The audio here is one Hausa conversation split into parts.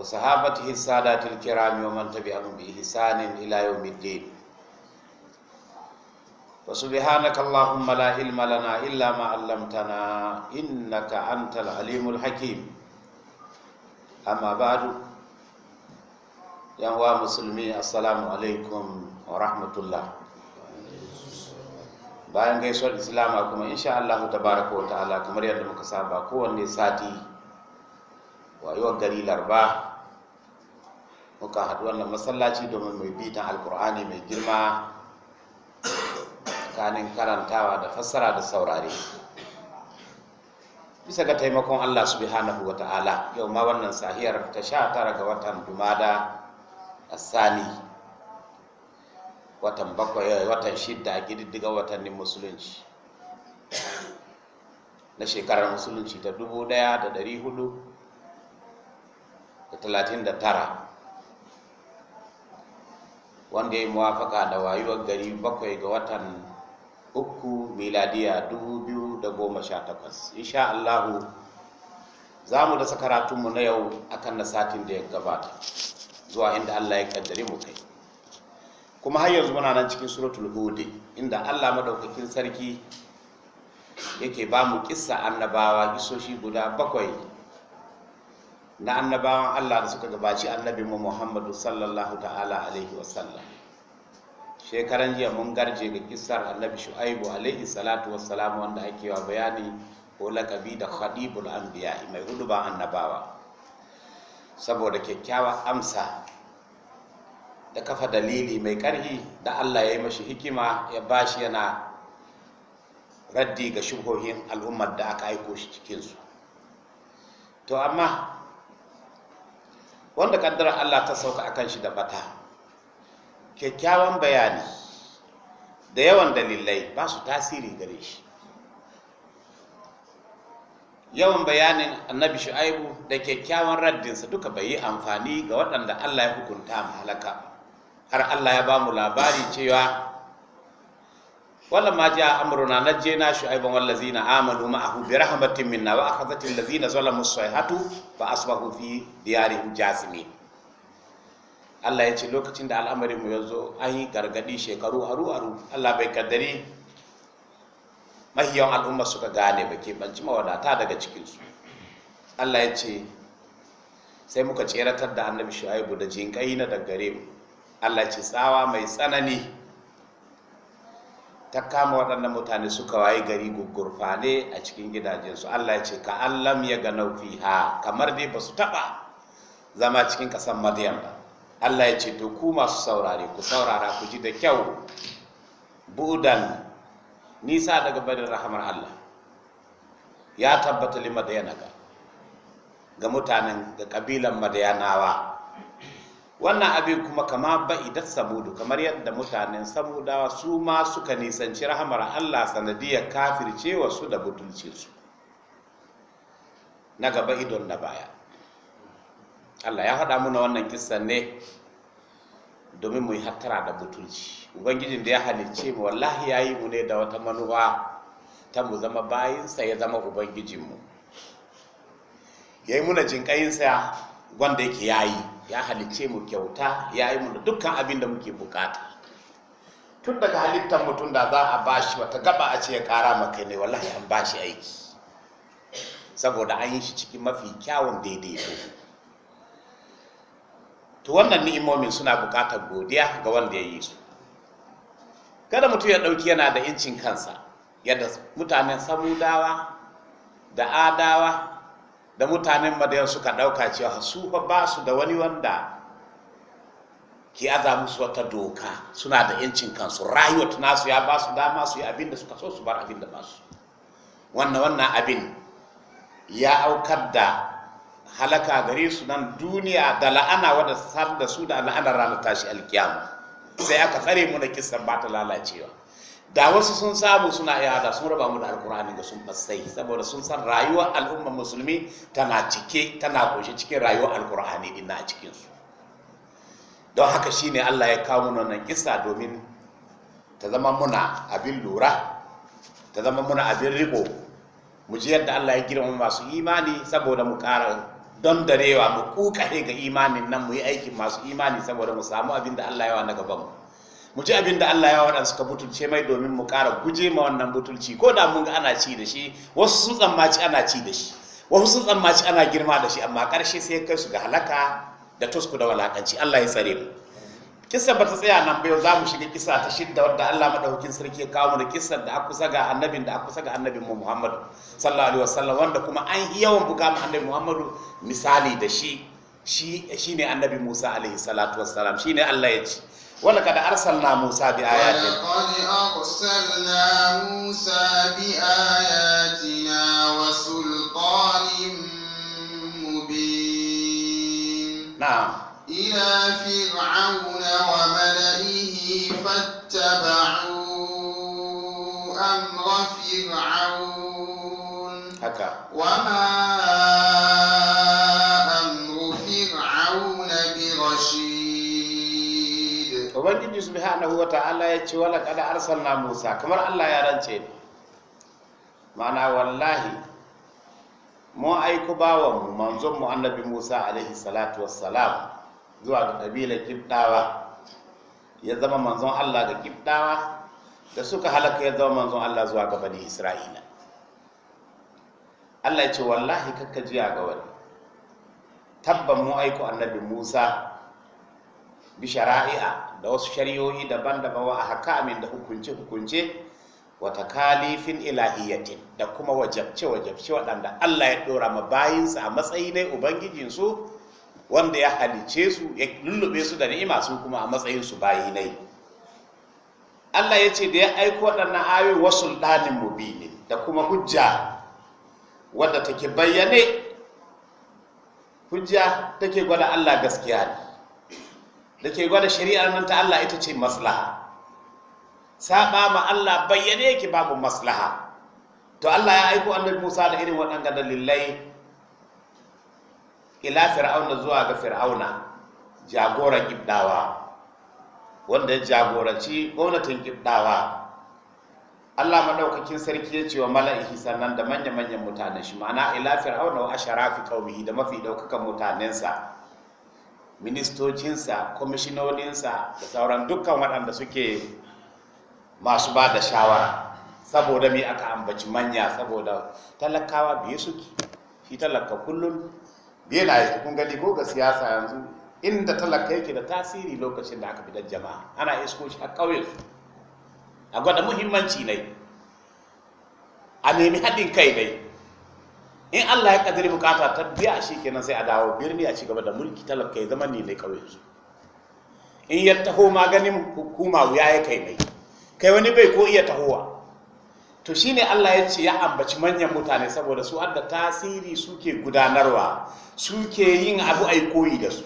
wa sahabatihi sadatil kirami wa man tabi'ahum bi ihsanin ila yawmiddin wa subhanaka allahumma la ilma lana illa ma 'allamtana innaka antal alimul hakim amma ba'du yan wa musulmi assalamu alaikum wa rahmatullah bayan gaisuwar islama kuma insha Allah tabaraka wa ta'ala kamar yadda muka saba kowanne sati wayewar gari larba muka haɗu wannan masallaci domin mai bitan alkur'ani mai girma tsakanin karantawa da fassara da saurare bisa ga taimakon allah subhanahu wa ta'ala yau ma wannan sahiyar ta sha tara ga watan dumada a sani watan bakwai eh, watan shidda a gididdiga watannin musulunci na shekarar musulunci ta dubu ɗaya da hudu da da tara wanda ya yi muwafaka da wayuwar gari bakwai ga watan uku miladiya 2018 insha Allahu za mu da sakaratunmu na yau akan na satin da ya gabata zuwa inda Allah ya kaddare mu kai kuma har yanzu muna nan cikin suratul hudi inda Allah madaukakin sarki yake ba mu kissa annabawa kisoshi guda bakwai na annabawan Allah da suka gabaci annabi mu Muhammadu sallallahu ta'ala alaihi sallam shekaran jiya mun garje ga kissar annabi Shu'aibu alaihi salatu wassalam wanda ake wa bayani ko lakabi da khadibul anbiya mai hudu ba annabawa saboda kyakkyawa amsa da kafa dalili mai karhi da Allah ya yi mashi hikima ya ba shi yana raddi ga shubhohin al'ummar da aka aiko shi cikinsu to amma wanda kaddara Allah ta sauka akan shi da bata kyakkyawan bayani da yawan dalilai ba su tasiri gare shi yawan bayanin annabi shu'aibu da kyakkyawan raddinsa duka bai yi amfani ga waɗanda Allah ya hukunta mahalaka. har Allah ya ba mu labari cewa wala ma jaa amruna najjayna shu'ayban wal ladzina amanu ma'ahu bi rahmatin minna wa akhadhat al ladzina zalamu sayhatu fa asbahu fi diyarihim jasimin Allah ya ce lokacin da al'amarin mu yazo an yi gargadi shekaru haru-haru Allah bai kaddari mahiyan al'umma suka gane ba ke banci mawadata daga cikinsu Allah ya ce sai muka ceratar da annabi shu'aibu da jinkai na daggare mu Allah ce tsawa mai tsanani ta kama waɗannan mutane suka waye gari ne a cikin gidajensu Allah ya ce ka allam ya ga ha kamar dai ba su taɓa zama cikin ƙasar madiyan ba Allah ya ce to ku masu saurare ku saurara ku ji da kyau budan nisa daga badin rahamar Allah ya tabbata li mutane ga mutanen ga kabilan madiyanawa wannan abin kuma kama ba'idat samudu kamar yadda mutanen samudawa su ma suka nisanci rahamar Allah sanadiyar kafirce su da butulce su na gaba idon na baya Allah ya faɗa muna wannan kisan ne domin mu yi hattara da butulci ubangijin da ya halicce mu wallahi ya yi mu ne da wata manuwa ta mu zama bayinsa ya zama ubangijinmu ya yi muna jinƙayinsa wanda yake yayi ya halice mu kyauta ya yi mu dukkan abin da muke bukata tun daga halittar mutum da za a bashi wata gaba a ce ya kara maka ne wallahi an bashi aiki saboda an yi shi cikin mafi kyawun daidaito to wannan ni'imomin suna bukatar godiya ga wanda ya yi su kada mutum ya ɗauki yana da incin kansa yadda mutanen samudawa da adawa da mutanen madayan suka ɗauka cewa su fa ba su da wani wanda ke aza musu wata doka suna da yancin kansu rayuwar nasu ya ba su dama su yi abin da suka so su bar abin da ba su wannan wannan abin ya aukar da halaka gare su nan duniya da la'ana wadda sar da su da la'anar ranar tashi alkiyama sai aka tsare mu da kisan ba ta lalacewa da wasu sun samu suna iya sun raba mu da alkur'ani ga sun fassai saboda sun san rayuwar al'ummar musulmi tana cike tana goshe cikin rayuwar alkur'ani din na cikin su don haka shine Allah ya kawo mu nan kissa domin ta zama muna abin lura ta zama muna abin riko mu ji yadda Allah ya girma masu imani saboda mu ƙara don darewa mu kukare ga imanin nan mu yi aikin masu imani saboda mu samu abin da Allah ya wa na gaban mu mu ji abin da Allah ya waɗansu ka butulce mai domin mu ƙara guje ma wannan butulci ko da mun ga ana ci da shi wasu sun tsammaci ana ci da shi wasu sun tsammaci ana girma da shi amma ƙarshe sai kai su ga halaka da tusku da walakanci Allah ya tsare mu kissa ba ta tsaya nan ba yau za mu shiga kisa ta shidda wadda Allah madaukakin sarki ya kawo mu da da aka saga annabin da aka saga annabin mu Muhammad sallallahu alaihi wasallam wanda kuma an yi yawan buga mu annabi Muhammadu misali da shi shi shine annabi Musa alaihi salatu wassalam shine Allah ya ce ولقد أرسلنا موسى بآياتنا ولقد أرسلنا موسى بآياتنا وسلطان مبين نعم إلى فرعون وملئه فاتبعوا أمر فرعون هكا وما subhanahu wa ta'ala ya ce wala kada arsalna Musa kamar Allah ya rance ne ma'ana wallahi mu aiko bawan mu manzon mu annabi Musa alaihi salatu wassalam zuwa ga kabilar Kibdawa ya zama manzon Allah ga Kibdawa da suka halaka ya zama manzon Allah zuwa ga bani Isra'ila Allah ya ce wallahi kakkajiya ga wani tabban mu aiko annabi Musa bi da wasu shari'o'i daban-daban wa ahkamin da hukunce hukunce wa takalifin ilahiyatin da kuma wajabce wajabce waɗanda Allah ya ɗora ma bayinsa a matsayi ne ubangijin su wanda ya halice su ya lullube su da ni'ima su kuma a matsayin su bayi ne Allah ya ce da ya aiko waɗannan ayoyi wa sultanin mubini da kuma hujja wadda take bayyane hujja take gwada Allah gaskiya ne da ke gwada shari'ar nan ta Allah ita ce maslaha saba ma Allah bayyane yake babu maslaha to Allah ya aiko annabi Musa da irin waɗannan dalilai ila fir'auna zuwa ga fir'auna jagoran ibdawa wanda ya jagoranci gwamnatin ibdawa Allah madaukakin sarki ya ce wa mala'ihi sannan da manya-manyan mutane shi ma'ana ila fir'auna wa sharafi qaumihi da mafi ɗaukakan mutanensa ministocinsa komishinoninsa, da sauran dukkan waɗanda suke masu ba da shawara saboda mai aka ambaci manya saboda talakawa biye suke shi talaka kullum biye na yake kun gani ko ga siyasa yanzu inda talaka yake da tasiri lokacin da aka fitar jama'a ana isko shi a ƙauyen a gwada muhimmanci ne a nemi haɗin kai ne in Allah ya kadiri bukata ta biya shi kenan sai a dawo birni a cigaba da mulki talaka ya zama ne mai su in ya taho maganin hukuma wuya ya kai mai kai wani bai ko iya tahowa to shine Allah ya ce ya ambaci manyan mutane saboda su adda tasiri suke gudanarwa suke yin abu ai da su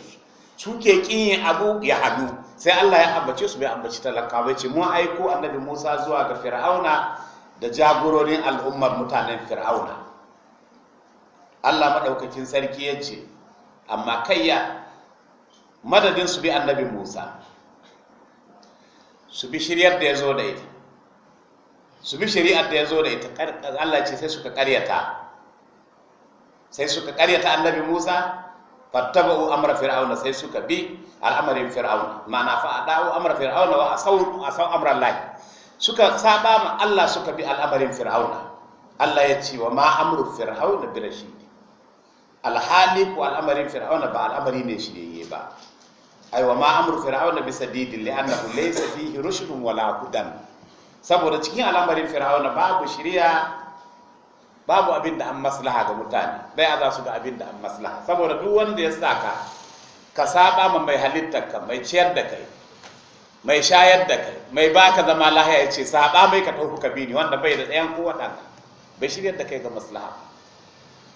suke kin abu ya hadu sai Allah ya ambace su bai ambaci talaka bai ce mun aiko annabi Musa zuwa ga Fir'auna da jagororin al'ummar mutanen Fir'auna Allah maɗaukakin sarki ya ce amma kayya madadin su bi annabi Musa su bi shiryar da ya zo da ita su bi shiryar da ya zo da ita Allah ce sai suka karyata sai suka karyata annabi Musa u amra fir'auna sai suka bi al'amarin fir'auna ma'ana fa u amra fir'auna wa asaw asaw amra Allah suka saba ma Allah suka bi al'amarin fir'auna Allah ya ce wa ma amru fir'auna bi rashid alhali ko al'amarin fir'auna ba al'amari ne ne ba aiwa ma amru fir'auna bisa didin li annahu laysa fihi rushdun wala hudan saboda cikin al'amarin fir'auna babu shiriya babu abin da an maslaha ga mutane bai aza su ga abin da an maslaha saboda duk wanda ya saka ka saba ma mai halittar ka mai ciyar da kai mai shayar da kai mai baka zama lahiya ya ce saba mai ka tauku kabini wanda bai da tsayan kowa ɗan bai shirya da kai ga maslaha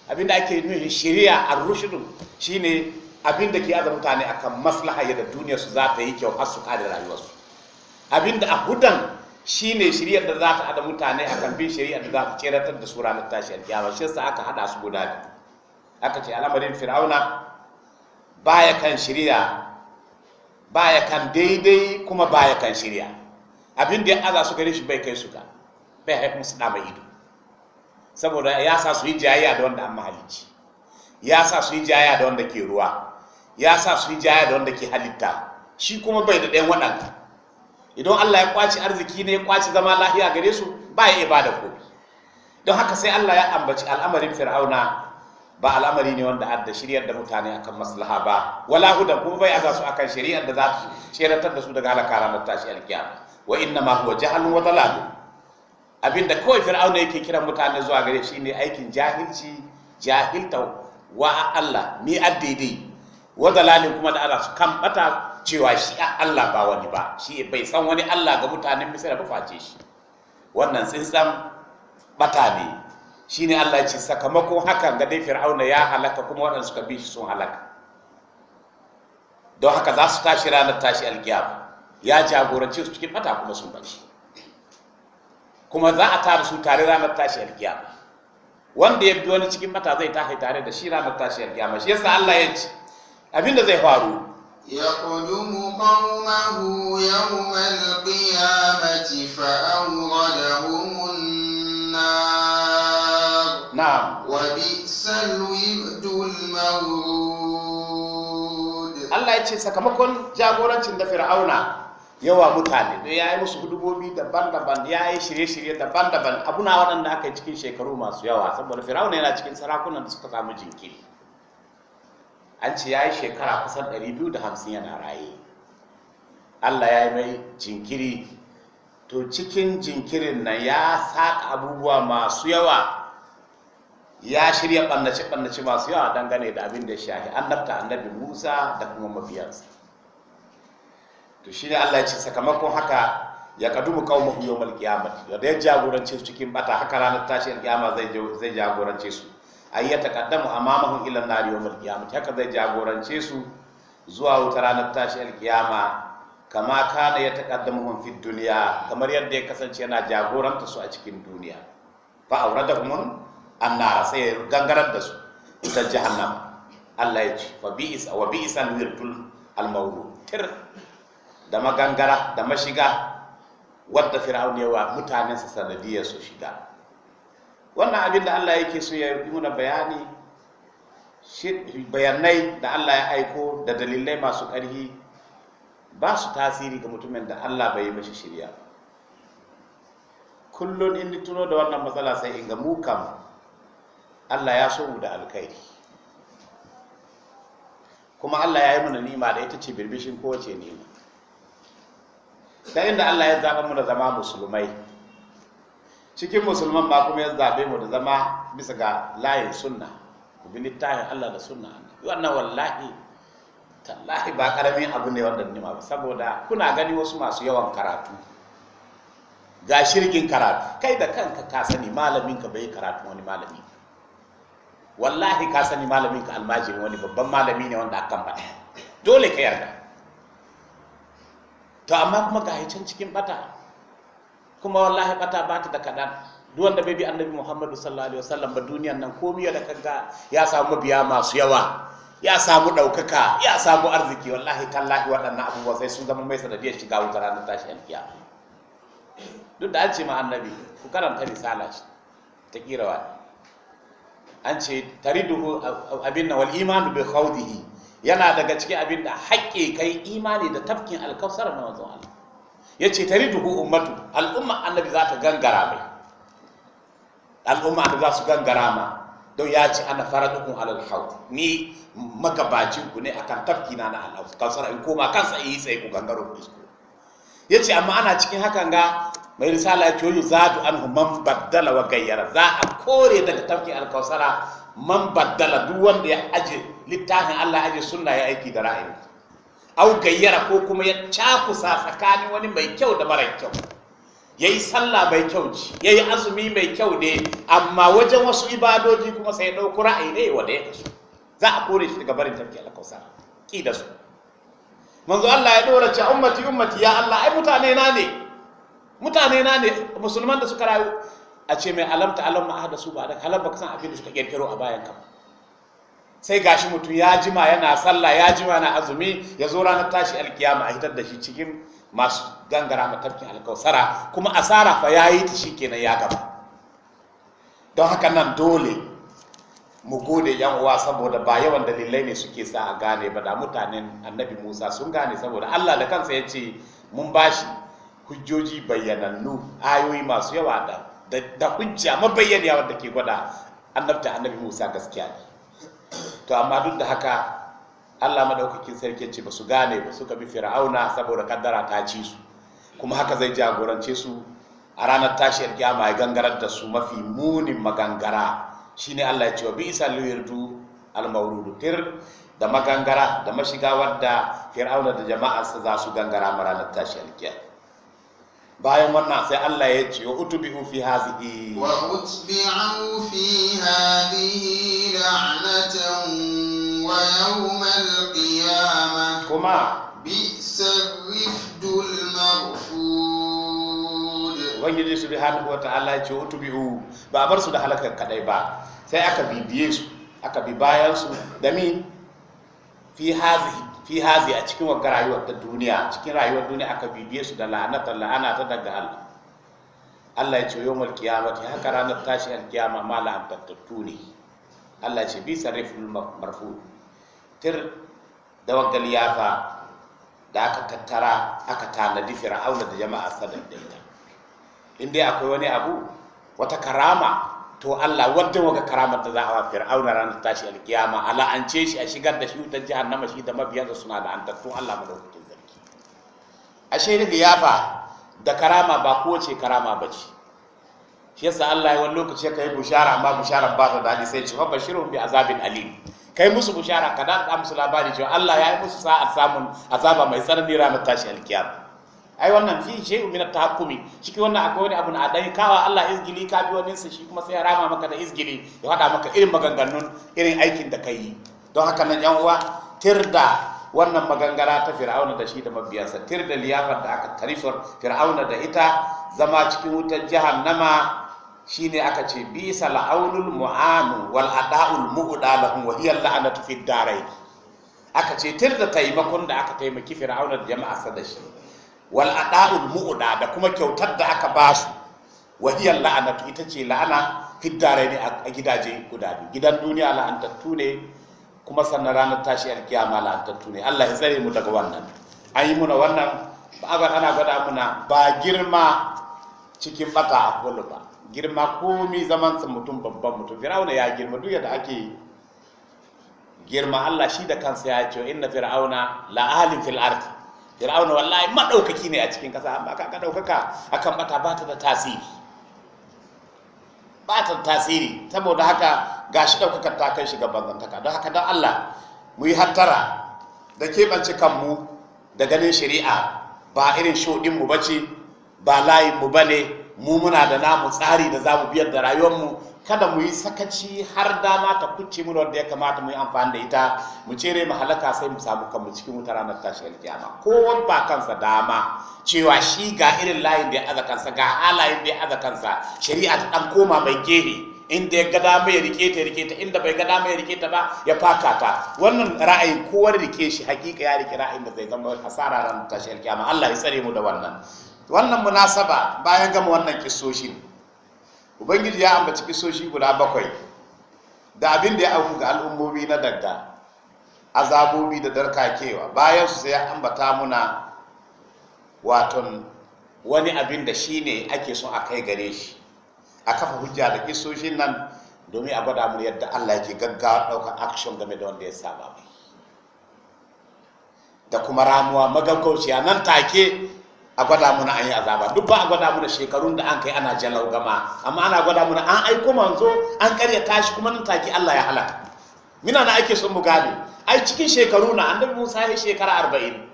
abinda ake nufi shari'a a rushdu shine abinda ke azama mutane akan maslaha yadda duniya su za ta yi kyau har su kare rayuwarsu abinda a hudan shine shari'ar da za ta ada mutane akan bin shari'ar da za ta ceratar da su ranar tashi alkiyama shi yasa aka hada su guda biyu aka ce al'amarin fir'auna baya kan shari'a baya kan daidai kuma baya kan shari'a abinda ya aza su gare shi bai kai su bai haifin su da ido saboda ya sa su yi jayayya da wanda an mahalicci ya sa su yi jayayya da wanda ke ruwa ya sa su yi jayayya da wanda ke halitta shi kuma bai da ɗayan waɗanda idan Allah ya kwaci arziki ne ya kwaci zama lahiya gare su ba ya da kobi don haka sai Allah ya ambaci al'amarin fir'auna ba al'amari ne wanda adda shiryar da mutane akan maslaha ba wala huda kuma bai aza su akan shari'ar da za su ceratar da su daga halaka ranar tashi alkiyama wa inna ma huwa jahalun wa dalalun abinda kawai fir'auna yake kira mutane zuwa gare shi ne aikin jahilci jahilta wa Allah mi daidai wa dalalin kuma da Allah su kan bata cewa shi Allah ba wani ba shi bai san wani Allah ga mutanen Misra ba face shi wannan tsintsan bata ne shi ne Allah ce sakamakon hakan ga dai fir'auna ya halaka kuma waɗanda suka bi shi sun halaka don haka za su tashi ranar tashi alkiyama ya jagoranci su cikin bata kuma sun bar kuma za a tara su tare ranar tashiyar kiyama wanda ya bi wani cikin mata zai tashi tare da shi ranar tashiyar kiyama shi yasa Allah ya ce da zai faru yaqulumu qawmahu yawm alqiyamati fa awradahum an-nar na'am wa bi'sal wirdul mawrud Allah ya ce sakamakon jagorancin da Fir'auna yawa mutane da ya yi musu hudubobi daban-daban ya yi shirye-shirye daban-daban abuna waɗanda aka yi cikin shekaru masu yawa saboda firawuna yana cikin sarakunan da suka samu jinkiri an ce ya yi shekara kusan 250 yana raye allah ya yi mai jinkiri to cikin jinkirin nan ya saƙa abubuwa masu yawa ya shirya ɓannace-ɓannace masu yawa dangane da abin da shahi annabta annabi musa da kuma mafiyarsa to shine Allah ya ce sakamakon haka ya kadumu qaumahu yawmal qiyamah da ya jagorance su cikin bata haka ranar Tashi kiyama zai zai jagorance su ay ya taqaddamu amamahum ila an-nar yawmal qiyamah haka zai jagorance su zuwa wuta ranar Tashi kiyama kama kana ya taqaddamuhum fi dunya kamar yadda ya kasance yana jagoranta su a cikin duniya fa kuma an-nar sai gangarar da su ta jahannam Allah ya ce fa bi'is wa bi'sal wirtul al-mawrud tir da magangara da mashiga wadda fir'aun ya wa mutanensa sanadiyar su shiga wannan abin da Allah yake so ya yi muna bayani bayanai da Allah ya aiko da dalilai masu ƙarfi ba su tasiri ga mutumin da Allah bai yi mashi shirya kullum in tuno da wannan matsala sai in ga mu kam Allah ya so mu da alkhairi kuma Allah ya yi mana nima da ita ce birbishin kowace nima ta inda Allah ya zaɓa mu da zama musulmai cikin musulman ba kuma ya zaɓe mu da zama bisa ga layin sunna ku bi littafin Allah da sunna wannan wallahi tallahi ba karamin abu ne wannan nima ba saboda kuna gani wasu masu yawan karatu ga shirgin karatu kai da kanka ka sani malamin ka bai karatu wani malami wallahi ka sani malamin ka almajiri wani babban malami ne wanda akan ba dole ka yarda to amma kuma ga can cikin bata kuma wallahi bata ba ta da kaɗan duk wanda bai bi annabi muhammadu sallallahu alaihi wasallam ba duniyan nan komai da kanka ya samu biya masu yawa ya samu ɗaukaka ya samu arziki wallahi tallahi waɗannan abubuwa sai sun zama mai sanadiyar shiga wutar ranar tashi alkiyama duk da an ce ma annabi ku karanta risala shi ta kirawa an ce tariduhu abin nan wal imanu bi khawdihi yana daga cikin abin da haƙƙe kai imani da tafkin alkafsar na manzon Allah ya ce tari duhu ummatu al'umma annabi za ta gangara mai al'umma annabi za su gangara ma don ya ce ana fara dukun alal hau ni magabacin ku ne akan tafki na na alkafsar in koma kansa yi eh, tsaye ku gangaro ku isko ya ce amma ana cikin hakan ga mai risala ya ce yoyu za tu an man baddala wa gayyara za a kore daga tafkin alkafsara man baddala duk wanda ya aje littafin Allah aje sunna ya aiki da ra'ayi au gayyara ko kuma ya cakusa tsakanin wani mai kyau da mara kyau yayi sallah mai kyau ci yayi azumi mai kyau ne amma wajen wasu ibadoji kuma sai ya ra'ayi ne wanda ya kasu za a kore shi daga barin tafki alkausar ki da su manzo Allah ya dora ce ummati ummati ya Allah ai mutane na ne mutane na ne musulman da suka rayu a ce mai alamta alam ma da su ba da halar baka san abin da suka kirkiro a bayan ka sai gashi mutum ya jima yana sallah ya jima na azumi ya zo ranar tashi alkiyama a hitar da shi cikin masu gangara matafkin alkausara kuma asara fa ya yi ta shi kenan ya gaba don haka nan dole mu gode yan uwa saboda ba yawan dalilai ne suke sa a gane ba da mutanen annabi musa sun gane saboda allah da kansa ya ce mun bashi hujjoji bayyanannu ayoyi masu yawa da da hujja mabayyaniya wanda ke gwada annabta annabi Musa gaskiya ne to amma duk da haka Allah madaukakin sarki ce ba su gane ba suka bi fir'auna saboda kaddara ta ci su kuma haka zai jagorance su a ranar tashiyar kiyama ya gangarar da su mafi munin magangara shine Allah ya ce wa bi isa liyardu al tir da magangara da mashiga wadda fir'auna da jama'arsa za su gangara ma ranar tashiyar kiyama bayan wannan sai Allah ya ce wa utbi'u fi hazihi wa utbi'u fi hadhihi la'natan wa yawmal qiyamah kuma bi'sa su bi ubangiji subhanahu wata'ala ya ce wa utbi'u ba bar su da halakar kadai ba sai aka bibiye su aka bi bayan su da mi fi hazihi fi hazi a cikin wakar rayuwar ta duniya cikin rayuwar duniya aka bibiye su da la'anatar la'ana ta daga Allah Allah ya ce yau ya kiyamati haka ranar tashi an kiyama ma la'antattu ne Allah ce bi sarriful marfu tir da wagal yafa da aka tattara aka tanadi fir'auna da jama'a sadar da ita in dai akwai wani abu wata karama to Allah wadda waga karamar da za a wa fir'auna ranar tashi alkiyama a la'ance shi a shigar da shi wutar na mashi da mabiyansa suna da tattun Allah madaukakin sarki ashe daga yafa da karama ba kowace karama ba ce shi yasa Allah ya wani lokaci ya kai bushara amma bushara ba ta daɗi sai ce fa shirin bi azabin alim kai musu bushara ka da musu labari cewa Allah ya yi musu sa'ar samun azaba mai tsanani ranar tashi alkiyama ai wannan fi shay'u min at-tahakkumi ciki wannan akwai wani abu na dai kawa Allah izgili ka bi wani shi kuma sai ya rama maka da izgili ya haɗa maka irin maganganun irin aikin da kai don haka nan yan uwa tirda wannan magangara ta fir'auna da shi da mabiyansa tirda liyafar da aka tarifar fir'auna da ita zama cikin wutar jahannama shine aka ce bi sal'aunul mu'anu wal ada'ul mu'da lahum wa hiya la'natu fid darai aka ce tirda taimakon da aka taimaki fir'auna da jama'arsa da shi wal ada'ul mu'da da kuma kyautar da aka ba su wa hiya la'anatu ita ce la'ana fiddare ne a gidaje guda biyu gidan duniya la'antattu ne kuma sannan ranar tashi alkiyama la'antattu ne Allah ya tsare mu daga wannan an yi muna wannan ba ana gwada muna ba girma cikin bata a kullu ba girma komi zaman sa mutum babban mutum fir'auna ya girma duk yadda ake girma Allah shi da kansa ya ce inna fir'auna la'alin fil fir'auna wallahi madaukaki ne a cikin kasa amma ka daukaka akan bata ba da tasiri ba da tasiri saboda haka gashi daukakar ta kai shiga banzantaka don haka don Allah mu yi hattara da keɓance kanmu da ganin shari'a ba irin shodin mu bace ba layin mu bane mu muna da namu tsari da za mu biyar da rayuwarmu kada mu yi sakaci har dama ta kuce mu wanda ya kamata mu yi amfani da ita mu cere mu halaka sai mu samu kanmu cikin wuta ranar tashi alkiyama wani ba kansa dama cewa shi ga irin layin da ya aza kansa ga halayen da ya aza kansa shari'a ta dan koma mai gehe inda ya ga dama ya rike ta rike ta inda bai ga dama ya rike ta ba ya faka ta wannan ra'ayin kowar rike shi hakika ya rike ra'ayin da zai zama hasara ranar tashi alkiyama Allah ya tsare mu da wannan wannan munasaba bayan gama wannan kisoshin ubangiji ya ambaci kisoshi guda bakwai da abin da ya auku ga al'ummomi na dagga azabobi da darkakewa bayan su sai ya ambata muna waton wani abin da shi ne ake son a kai gare shi a kafa hujja da kisoshin nan domin a gwada mun yadda Allah ke gaggawa ɗaukar action game da wanda ya saba mai da kuma ramuwa magagauciya nan take a gwada muna an yi azaba duk ba a gwada muna shekarun da an kai ana jalau gama amma ana gwada muna an aiko manzo an karya tashi kuma nan take Allah ya halaka mina na ake son mu gane ai cikin shekaru na annabi Musa ya shekara arba'in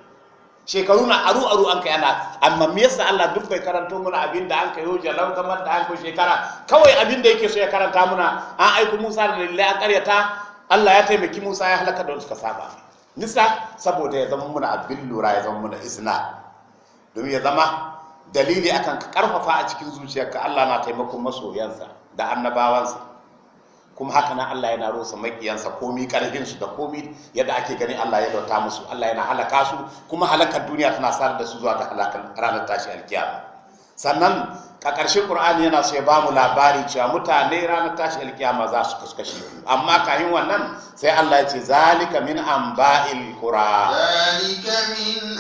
shekaru na aru aru an kai ana amma me yasa Allah duk bai karanto muna abin da an kai hoja lau gama da an kai shekara kawai abin da yake so ya karanta muna an aiko Musa da lillahi an karya ta Allah ya taimaki Musa ya halaka da suka saba nisa saboda ya zama muna abin lura ya zama muna isna domin ya zama dalili akan ka karfafa a cikin zuciyarka Allah na taimakon masoyansa da annabawansa kuma haka nan Allah yana rosa makiyansa komi karfinsu da komi yadda ake gani Allah ya dauta musu Allah yana halaka su kuma halakar duniya tana sa da su zuwa ga halakar ranar tashi alkiyama sannan a ƙarshen Qur'ani yana so ya ba mu labari cewa mutane ranar tashi alkiyama za su kaskashe amma kayan wannan sai Allah ya ce zalika min amba'il qura zalika min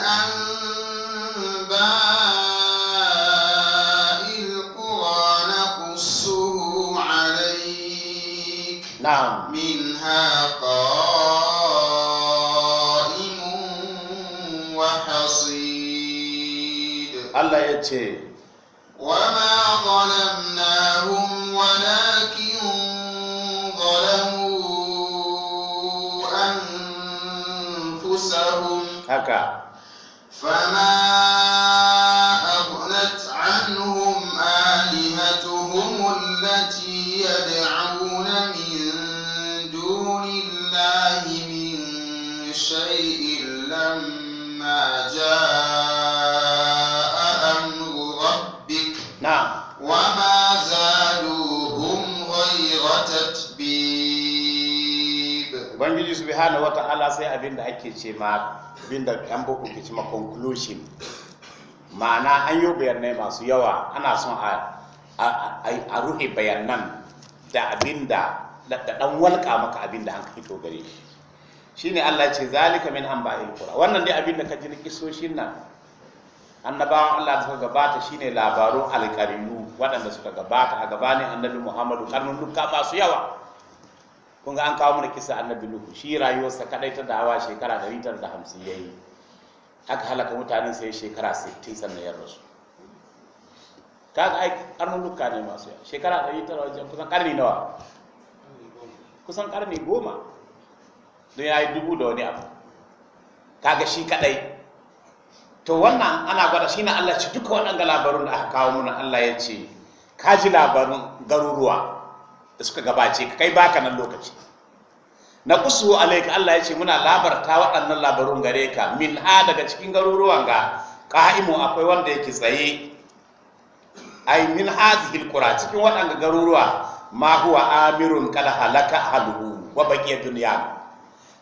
أنباء القرى نقصه عليك نعم منها قائم وحصيد الله يتي وما ظلمناهم ولكن ظلموا أنفسهم هكا فما جاء أمر ربك sai abin da ake ce ma abin da yan ke ce ma conclusion ma'ana an yi bayanai masu yawa ana son a ruhe bayanan da abin da da walƙa maka abin da an fito gare shi shine Allah ce zalika min amba'il qura wannan dai abin da ka ji kisoshin nan annabawan Allah suka gabata shine labarun alƙariyu waɗanda suka gabata a ne annabi Muhammadu karnun duka masu yawa kun ga an kawo mana kisa annabi Nuhu shi rayuwarsa kadai ta dawa shekara 150 yayi aka halaka mutanen sai shekara 60 sannan ya rasu kaga ai karnun duka ne masu yawa shekara 100 kusan karni nawa kusan karni goma don ya yi dubu da wani abu kaga shi kadai to wannan ana gwada shi na Allah ce duka ga labarun da aka kawo muna Allah ya ce ka ji labarun garuruwa da suka gabace ka kai baka nan lokaci na kusuru alaika Allah ya ce muna labarta waɗannan labarun gare ka min ha daga cikin garuruwan ga ka'imu akwai wanda yake tsaye ai min hazihil qura cikin waɗanda garuruwa ma huwa amirun kala halaka ahluhu wa duniya ba.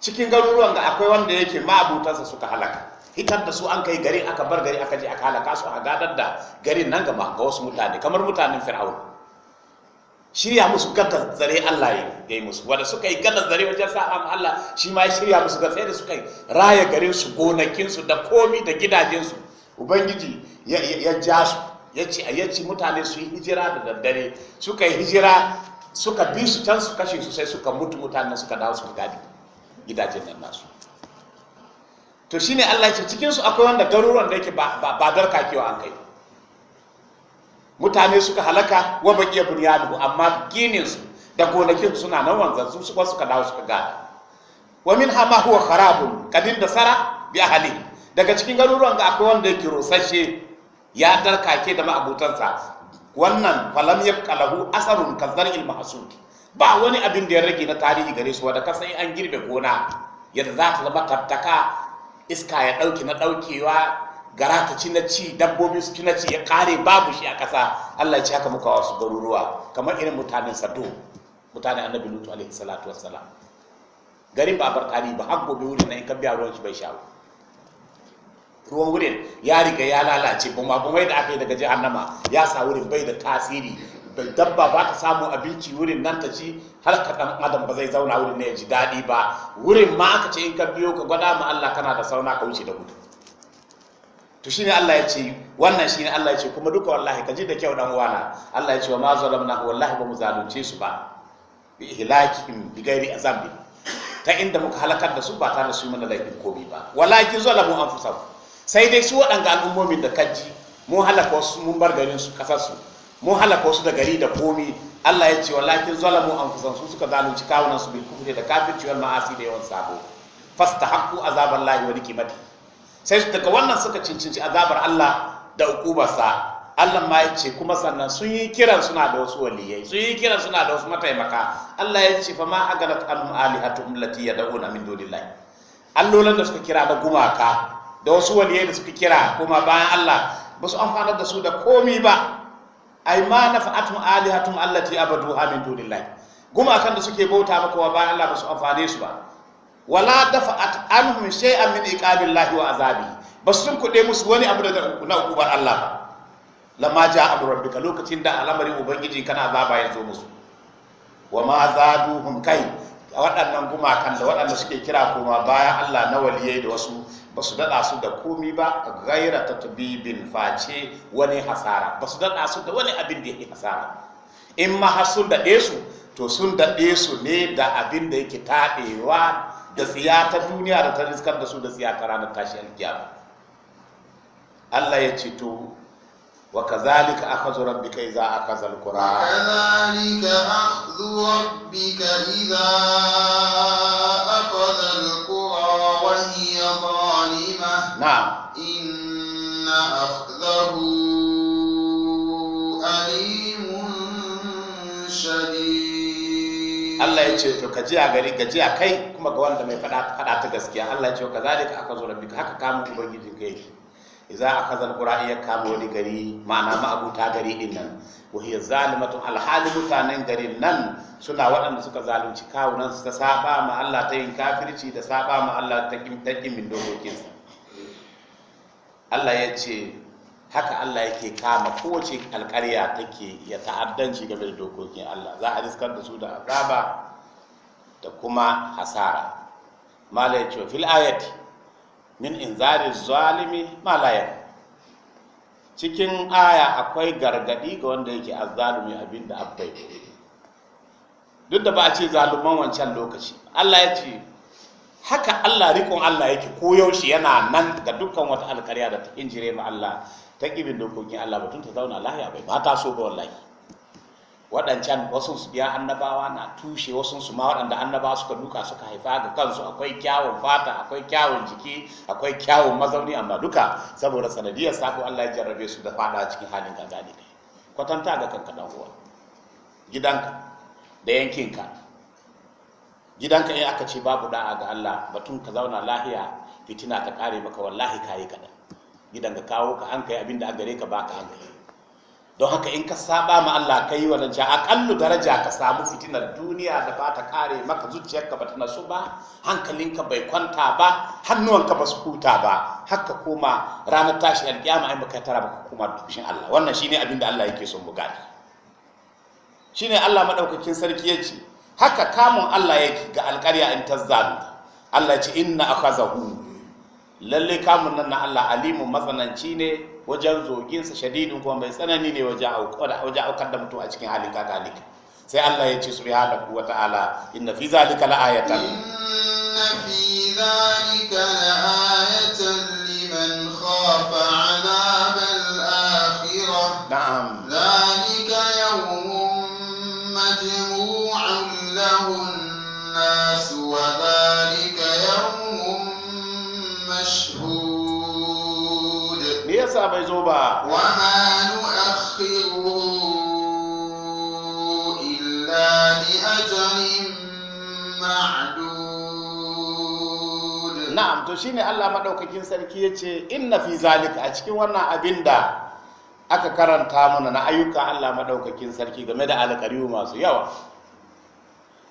cikin garuruwan da akwai wanda yake ma'abutansa suka halaka hitar da su an kai gari aka bar gari aka je aka halaka su a gadar da garin nan gaba ga wasu mutane kamar mutanen fir'aun shirya musu gada zare Allah ya yi musu wanda suka yi gada zare wajen sa'a ma Allah shi ma shirya musu gada? sai da suka yi raya garin su gonakin su da komi da gidajen su ubangiji ya ja su ya ce ya mutane su yi hijira da daddare suka yi hijira suka bi su can su kashe su sai suka mutu mutane suka dawo su gadi gidajen nan nasu to shine Allah ya ce cikin su akwai wanda garuruwan da yake ba ba darka kewa an kai mutane suka halaka wa buniya bunyanu amma ginin su da gonakin suna nan wanzan su kuma suka dawo suka ga wa min hama huwa kharabun kadin da sara bi ahli daga cikin garuruwan ga akwai wanda yake rosashe ya kake da ma'abutansa wannan falam yabqa asarun kazaril mahsud ba wani abin da ya rage na tarihi gare su wadda kasan an girbe gona yadda za ta zama tattaka iska ya ɗauki na ɗaukewa gara ta ci na ci dabbobi su ci na ci ya kare babu shi a ƙasa Allah ya ci haka muka wasu garuruwa kamar irin mutanen sado mutanen annabi lutu alaihi salatu wassalam garin ba bar tarihi ba har gobe wurin na in ka biya ruwan shi bai sha ruwan wurin ya riga ya lalace ba mai da aka yi daga jihar nama ya sa wurin bai da tasiri da dabba ba ta samu abinci wurin nan ta ci har ka dan adam ba zai zauna wurin ne ya ji daɗi ba wurin ma aka ce in ka biyo ka gwada ma Allah kana da sauna ka wuce da gudu to shine Allah ya ce wannan shine Allah ya ce kuma duka wallahi ka ji da kyau dan uwana Allah ya ce wa ma zalamna wallahi ba mu zalunce su ba bi ihlakikum bi gairi azabi ta inda muka halakar da su ba tare da su mana laifin komai ba walakin zalamu anfusahum sai dai su waɗanga al'ummomin da kaji mun halaka wasu mun bar garin su kasar su mu halaka wasu da gari da komi Allah ya ce walakin zalamu anfusan su suka zalunci kawunan su bil kufri da kafirci wal ma'asi da yawan sabo azaban lahi wa nikmati sai daga wannan suka cincinci azabar Allah da sa Allah ma ya ce kuma sannan sun yi kiran suna da wasu waliyai sun yi kiran suna da wasu mataimaka Allah ya ce fa ma agalat anhum alihatuhum allati yad'una min dunillahi allolan da suka kira da gumaka da wasu waliyai da suka kira kuma bayan Allah ba su amfana da su da komi ba ai ma allah alihatun allati abadu min dunillahi gumakan da suke bauta maka wa bayan Allah ba su amfane su ba wala dafa'at anhum shay'an min iqabillahi wa azabi ba su sun kuɗe musu wani abu daga na ukubar Allah ba lamma ja abu rabbika lokacin da al'amari ubangiji kana azaba ya zo musu wa ma zaduhum kai A waɗannan gumakan da waɗanda suke kira koma baya Allah na waliyai da wasu ba su daɗa su da komi ba gaira ta tubibin face wani hasara ba su daɗa su da wani abin da yake hasara in ma har sun daɗe su to sun daɗe su ne da abin da yake taɗewa da tsiya ta duniya da ta riskar da su da tsiya ta ranar tashi alkiyama Allah ya ce to وكذلك أخذ ربك إذا أخذ القرى وكذلك أخذ ربك إذا أخذ القرى وهي ظالمة نعم إن أخذه أليم شديد الله يجي to kaji a gari kaji a kai kuma ga wanda mai fada ta gaskiya Allah ya ce kazalika aka zo rabbika haka kamun ubangijin kai Za a akhadha alqura ya kama wani gari ma'ana ma'abuta gari din nan wa hiya zalimatu alhali mutanen garin nan suna waɗanda suka zalunci kawunan su ta saba ma Allah ta yin kafirci da saba ma Allah ta kin dokokinsa Allah ya ce haka Allah yake kama kowace alƙarya take ya ta'addanci game da dokokin Allah za a riskar da su da azaba da kuma hasara mala ce ayati min in inzari zalimi malayan cikin aya akwai gargadi ga wanda yake azzalumi abinda da abbai duk da ba a ce zaluman wancan lokaci Allah ya ce haka Allah rikon Allah yake ko yaushe yana nan ga dukkan wata alkarya da ta injire ma Allah ta kibin dokokin Allah batun ta zauna lahiya bai ba ta so ba wallahi waɗancan wasu su biya annabawa na tushe wasu su ma waɗanda annabawa suka duka suka haifa ga kansu akwai kyawun fata akwai kyawun jiki akwai kyawun mazauni amma duka saboda sanadiyar sako Allah ya jarrabe su da fada cikin halin gangani ne kwatanta ga kanka dan uwa gidanka da yankinka gidanka in aka ce babu da'a ga Allah batun ka zauna lahiya fitina ta kare maka wallahi kayi kaɗan gidanka kawo ka an kai abin a gare ka baka an kai don haka in ka saba ma Allah ka yi wani ja kallu daraja ka samu fitinar duniya da ba ta kare maka zuciyarka ba ta nasu ba hankalinka bai kwanta ba hannuwanka ba su huta ba haka kuma ranar tashi alƙiyama ai baka tara baka kuma tushen Allah wannan shine abin da Allah yake son bukata shine Allah madaukakin sarki ya haka kamun Allah yake ga alƙarya in tazzalu Allah ya ce inna akhazahu lalle kamun nan na Allah alimun matsananci ne wajen zoginsa shadidin kuma mai tsanani ne wajen aukar da mutum a cikin halin kakalik sai Allah ya ce subhanahu wa ta'ala inna fi zalika la ayatan inna fi zalika la ayatan liman khafa 'adabal akhirah na'am ba wa ma nu'akhiru illa li ajalin ma'dud na'am to shine Allah madaukakin sarki yace inna fi zalika a cikin wannan abinda aka karanta mana na ayyuka Allah madaukakin sarki game da alƙariyu masu yawa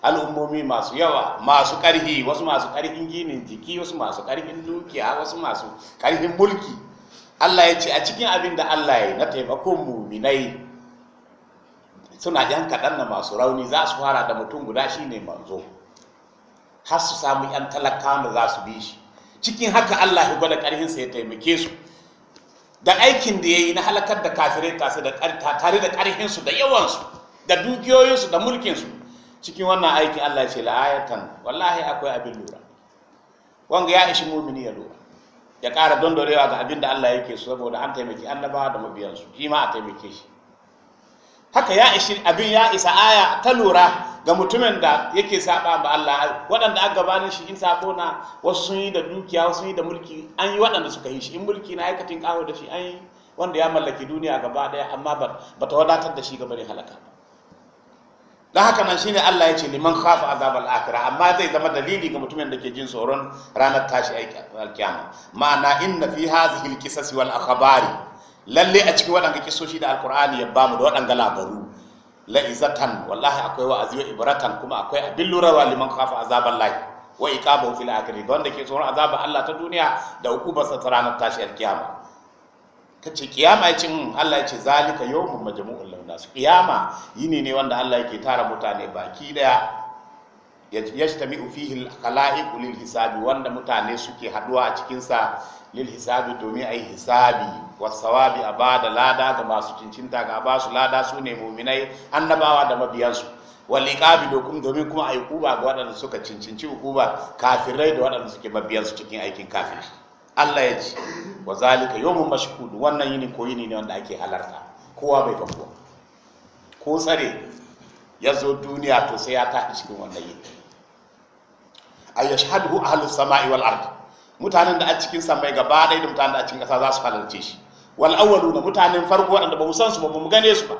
al'ummomi masu yawa masu ƙarfi wasu masu ƙarfin ginin jiki wasu masu ƙarfin dukiya wasu masu ƙarfin mulki Allah ya ce a cikin abin da Allah ya yi na taimakon muminai suna yan kaɗan na masu rauni za su fara da mutum guda shi ne manzo har su samu yan talakawa da za su bi shi cikin haka Allah ya gwada ƙarfinsa ya taimake su da aikin da ya yi na halakar da kafirai tare da ƙarhinsu da yawansu da dukiyoyinsu da mulkinsu cikin wannan aikin Allah ya ce la'ayatan wallahi akwai abin lura wanga ya ishi mumini ya lura ya ƙara dondorewa ga abin da Allah yake so saboda an taimaki annaba da mabiyansu shi ma a taimake shi haka ya ishi abin ya isa aya ta lura ga mutumin da yake saba ba Allah waɗanda aka gabanin shi in sabo na wasu sun yi da dukiya wasu sun yi da mulki an yi waɗanda suka yi shi in mulki na aikatin ƙaho da shi an yi wanda ya mallaki duniya gaba ɗaya amma ba ta wadatar da shi gaba bari halaka ba don haka nan shine Allah ya ce liman khafa al akhira amma zai zama dalili ga mutumin da ke jin tsoron ranar tashi aiki kiyama ma'ana inna fi hadhihi alqisas wal akhbari lalle a cikin waɗanga kisoshi da alqur'ani ya bamu da waɗanga labaru la'izatan wallahi akwai wa'azi wa ibratan kuma akwai abin wa liman khafa al lahi wa iqabahu fil akhirah wanda ke tsoron azab Allah ta duniya da hukubarsa ta ranar tashi al-kiyama kace kiyama ya ce hmm, Allah ya ce zalika yawmun majmu'ul nasu kiyama yini ne wanda Allah yake tara mutane baki daya yajtami'u fihi al-khalaiq lil hisabi wanda mutane suke haduwa a cikin sa lil hisabi domin ai hisabi wasawabi a bada lada ga masu cincinta ga ba su lada su ne muminai annabawa da mabiyansu walliƙabi dokum domin kuma a yi kuba ga waɗanda suka cincinci hukuba kafirai da waɗanda suke mabiyansu cikin aikin kafin Allah ya ce wa zalika yawmun mashhud wannan yini ko yini ne wanda ake halarta kowa bai ga ko tsare ya zo duniya to sai ya tafi cikin wannan yi a yashhadu ahlus sama'i wal mutanen da a cikin samai gaba ɗaya da mutanen da a cikin ƙasa za su halarce shi wal awwalu da mutanen farko waɗanda ba mu san su ba mu gane su ba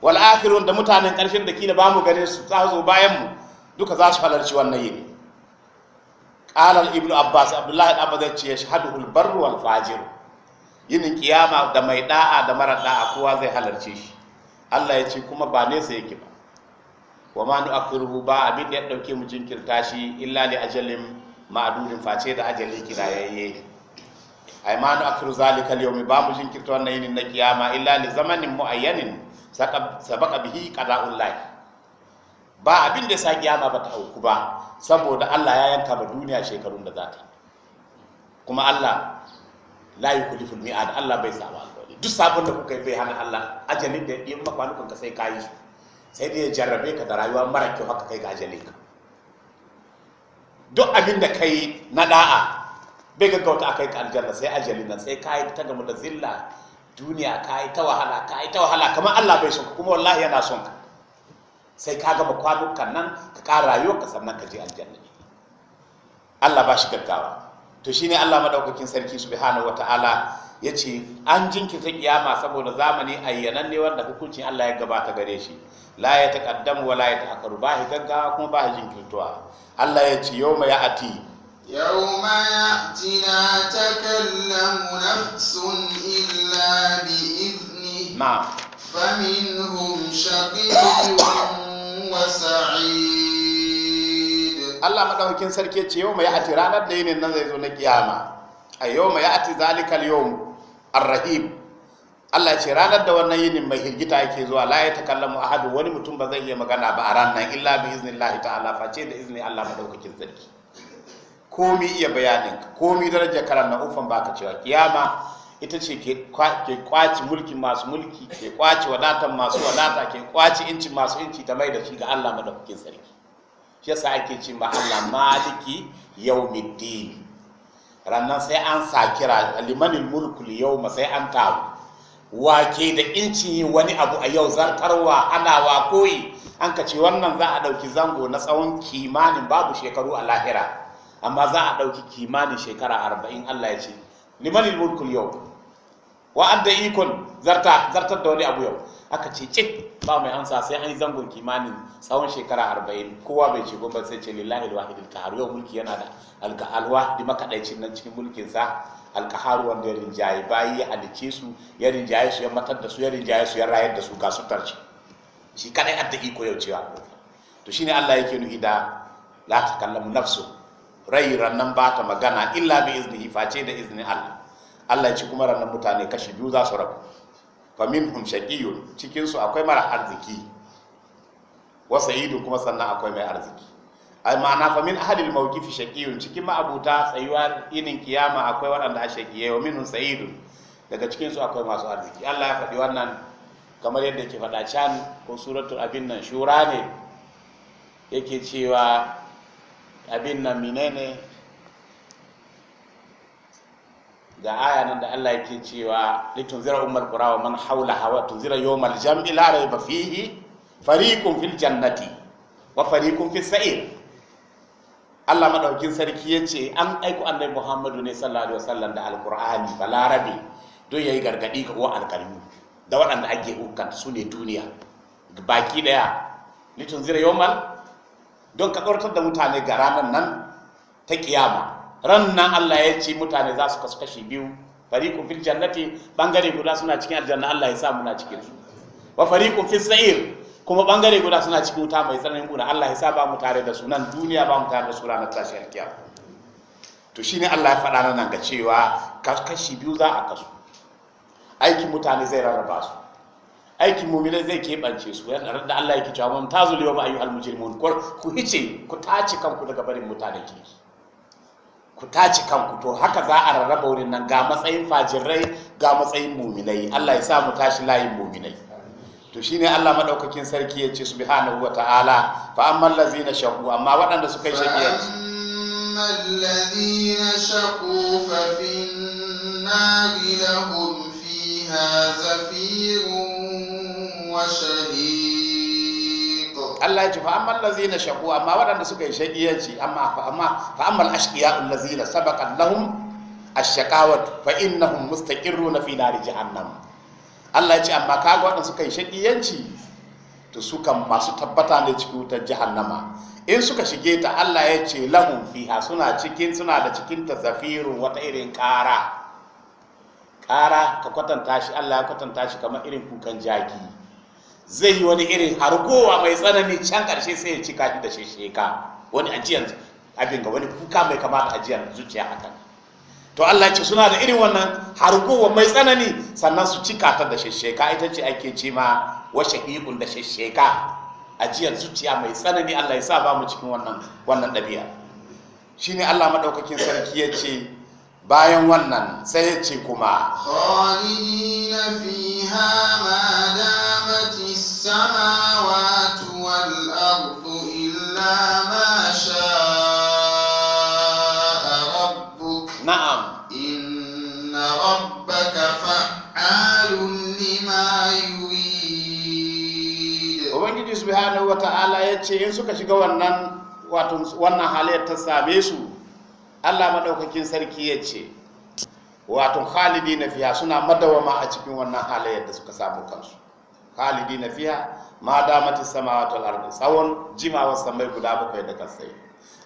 wal da mutanen ƙarshen da kila ba mu gane su za zo bayan mu duka za su halarci wannan yi. qala ibnu abbas abdullahi ibn abbas ce yashhadu al barru wal yinin kiyama da mai da'a da mara da'a kowa zai shi Allah ya ce kuma ba nesa yake ba wa ma nu'akhiruhu ba abin da ya dauke mu jinkirta shi illa li ajalin ma'dudin face da ajali kirayayye ai ma nu'akhiru zalika al-yawm ba mu jinkirta wannan yinin na kiyama illa li zamanin muayyanin sabaka bihi qada'ullahi ba abin da sa kiyama ba ta auku ba saboda Allah ya yanka ba duniya shekarun da za ta kuma Allah la yukhlifu al-mi'ad Allah bai saba duk sabon da kuka yi bai hana Allah ajalin da yin maka ka sai kayi sai dai ya jarrabe ka da rayuwa mara kyau haka kai ga ajalin ka duk abin da kai na da'a bai gaggauta kai ka aljanna sai ajalin nan sai kayi ta gamu da zilla duniya kayi ta wahala kayi ta wahala kamar Allah bai son ka kuma wallahi yana son ka sai ka gama kwanukan nan ka ƙara ka sannan ka je aljanna Allah ba shi gaggawa to shine Allah madaukakin sarki subhanahu wataala ya ce an jinkirta kiyama saboda zamani ayyanan ne wanda hukuncin Allah ya gabata gare shi la ya taqaddamu wa la ya ta'akkaru ba shi gaggawa kuma ba shi jinkirtuwa Allah ya ce yawma ya'ati yawma ya'ti la takallamu nafsun illa bi idni na'am faminhum shaqiqun wa sa'id Allah madaukin sarki ya ce yawma ya'ti ranar da yinin nan zai zo na kiyama a yawma ya'ti zalikal yawm ar-rahim Allah ce ranar da wannan yinin mai hirgita yake zuwa la ya takallamu ahadu wani mutum ba zai iya magana ba a ranar illa bi iznillahi ta'ala face da iznin Allah madaukakin sarki komi iya bayanin komi daraja karan na ufan baka cewa kiyama ita ce ke kwaci mulki masu mulki ke kwaci wadatan masu wadata ke kwaci inci masu inci ta mai da shi ga Allah madaukakin sarki shi yasa ake ce ma Allah maliki yaumiddin ranar sai an sa kira limanin mulkul yau sai an taru wake da inci yin wani abu a yau zartarwa ana wa koyi an ka ce wannan za a ɗauki zango na tsawon kimanin babu shekaru a lahira amma za a ɗauki kimanin shekara arba'in allah ya ce limanin mulkul yau wa'adda ikon zartar da wani abu yau aka ce cik ba mai amsa sai an yi zangon kimanin tsawon shekara arba'in kowa bai shigo ba sai ce lillahi alwahidil kahar yau mulki yana da alƙa'alwa da makaɗaicin nan cikin mulkin sa alƙahar wanda ya rinjaye bayi ya halice su ya rinjaye su ya matar da su ya rinjaye su ya rayar da su ga su tarci shi kadai adda iko yau cewa to shine Allah yake nuhi da la takallamu nafsu rai rannan ba ta magana illa bi iznihi face da iznin Allah Allah ya ci kuma rannan mutane kashi biyu za su rabu faminhum shaqiyun cikin su akwai mara arziki wa sa'idun kuma sannan akwai mai arziki ai ma'ana famin ahadil mawqifi shaqiyun cikin ma'abuta tsayuwa inin kiyama akwai waɗanda a shaqiye wa minhum daga cikin su akwai masu arziki Allah ya faɗi wannan kamar yadda ke faɗa can ko suratul abin nan shura ne yake cewa abin nan ne ga aya nan da Allah yake cewa litunzira umar qura wa man hawlaha hawa tunzira yawmal jam'i la rayba fihi fariqun fil jannati wa fariqun fis sa'ir Allah madaukin sarki yace an aiko annabi Muhammadu ne sallallahu alaihi wasallam da alqur'ani balarabi don yayi gargadi ga wa alkalmu da waɗanda ake hukan su ne duniya baki daya litunzira yawmal don ka ɗaukar da mutane ga ranar nan ta kiyama ran nan Allah ya ce mutane za su kasu kashi biyu fariqun fil jannati bangare guda suna cikin aljanna Allah ya sa muna cikin su wa fariqun fis sa'ir kuma bangare guda suna cikin wuta mai tsananin guda Allah ya sa ba mu tare da sunan, duniya ba mu tare da sura na tashi alkiya to shine Allah ya faɗa nan ga cewa kashi biyu za a kasu aikin mutane zai rarraba su aikin mumina zai keɓance su yadda da Allah yake cewa mun tazu liwa ayyuhal mujrimun ku hice ku tace kanku daga barin mutane kirki ku taci kanku to haka za a rarraba wurin nan ga matsayin fajirai ga matsayin muminai Allah ya sa mu tashi layin muminai to shine Allah madaukakin sarki ya ce subhanahu wa ta'ala fa ammal ladzina shaqu amma waɗanda suka yi ladzina shaqu sha ففي lahum fiha zafirun wa shahid Allah ya ce fa ammal ladzina shaqu amma waɗanda suka yi shaƙiyanci amma fa amma fa ammal ashqiya lahum ash fa innahum mustaqirruna fi nari jahannam Allah ya ce amma kaga waɗanda suka yi shaƙiyanci to sukan masu tabbata ne cikin wutar jahannama in suka shige ta Allah ya ce lahum fiha suna cikin suna da cikin ta zafirun wata irin ƙara ƙara ka kwatanta shi Allah ya kwatanta shi kamar irin kukan jaki zai yi wani irin harkowa mai tsanani can ƙarshe sai ya cika da shesheka wani ajiyar abin ga wani kuka mai kama da ajiyar zuciya haka to Allah ce suna da irin wannan harkowa mai tsanani sannan su cika ta da shesheka ita ce ake ce ma wa shahiqun da shesheka ajiyar zuciya mai tsanani Allah ya sa ba mu cikin wannan wannan dabi'a shine Allah madaukakin sarki ya ce bayan wannan sai ya ce kuma khalidina fiha ma damati السماوات والأرض إلا ما شاء ربك نعم إن ربك فعال لما يريد وبنجي سبحانه وتعالى يتشي إن سكا شكا ونن wannan halayyar ta same su Allah maɗaukakin sarki ya ce wato khalidi na fiya suna madawama a cikin wannan halayyar da suka samu kansu khalidina fiha ma damati samawati wal ardi sawon jimawa samai guda bakwai da kasai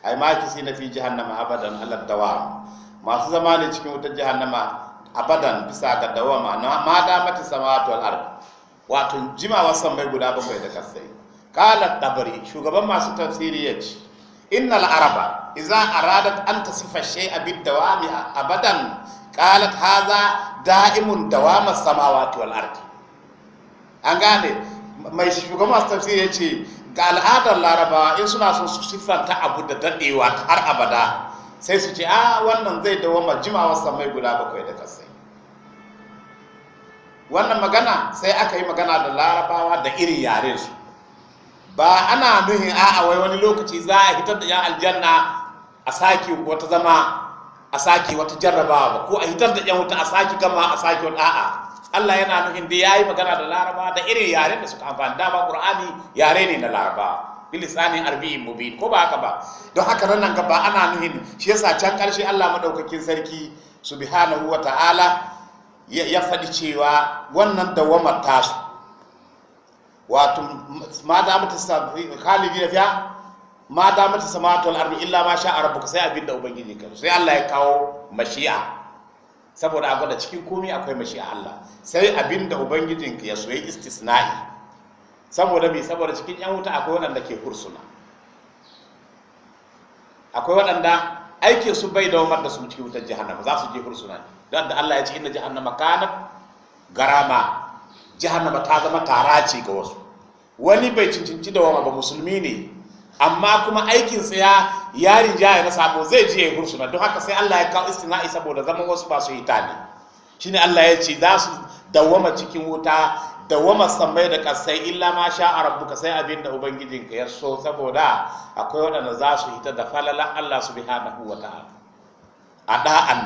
ai ma si na fi jahannama abadan alad dawam masu zama ne cikin wutar jahannama abadan bisa ga dawama na ma damati samawati wal ardi wato jimawa samai guda bakwai da kasai qala dabari shugaban masu tafsiri yace innal araba idza aradat an tasifa shay'a bid dawami abadan qalat hadha da'imun dawama samawati wal ardi an gane mai shugaban masu tafsiri ya ce ga al'adar larabawa in suna son su siffanta abu da daɗewa har abada sai su ce a wannan zai dawoma jimawarsa samai guda bakwai da kasai wannan magana sai aka yi magana da larabawa da irin yare su ba ana nuhin a'a wai wani lokaci za a hitar da yan aljanna a sake wata zama a sake wata jarrabawa ba ko a hitar da yan wuta a sake gama a sake wata a'a Allah yana nufin da yi magana da Laraba da irin yaren da suka amfani dama Qur'ani yare ne na Laraba bilisani arbi'in mubin ko ba haka ba don haka nan gaba ana nuhin shi yasa can karshe Allah madaukakin sarki subhanahu wa ta'ala ya faɗi cewa wannan dawamar tasu wato ma da mata khalidi da fiya ma da mata samatu al illa ma sha rabbuka sai abinda ubangiji ka sai Allah ya kawo mashi'a saboda abu da cikin komai akwai mashi Allah sai abin da ubangijin ya so istisna'i saboda mai saboda cikin yan wuta akwai waɗanda ke hursuna akwai waɗanda aike su bai da da su cikin wutar jahannama za su je hursuna don da Allah ya ce inna jahannama kanat garama jahannama ta zama tara ce ga wasu wani bai cincinci da wama ba musulmi ne amma kuma aikin tsaya ya jihar na sabo zai je ya hursuna don haka sai Allah ya kawo istina'i saboda zaman wasu ba su yi tani shine Allah ya ce za su dawwama cikin wuta dawwama sambai da kasai illa ma sha a rabbuka sai abin da ubangijinka ya so saboda akwai waɗanda za su hita da falala Allah subhanahu wa ta'ala a da'an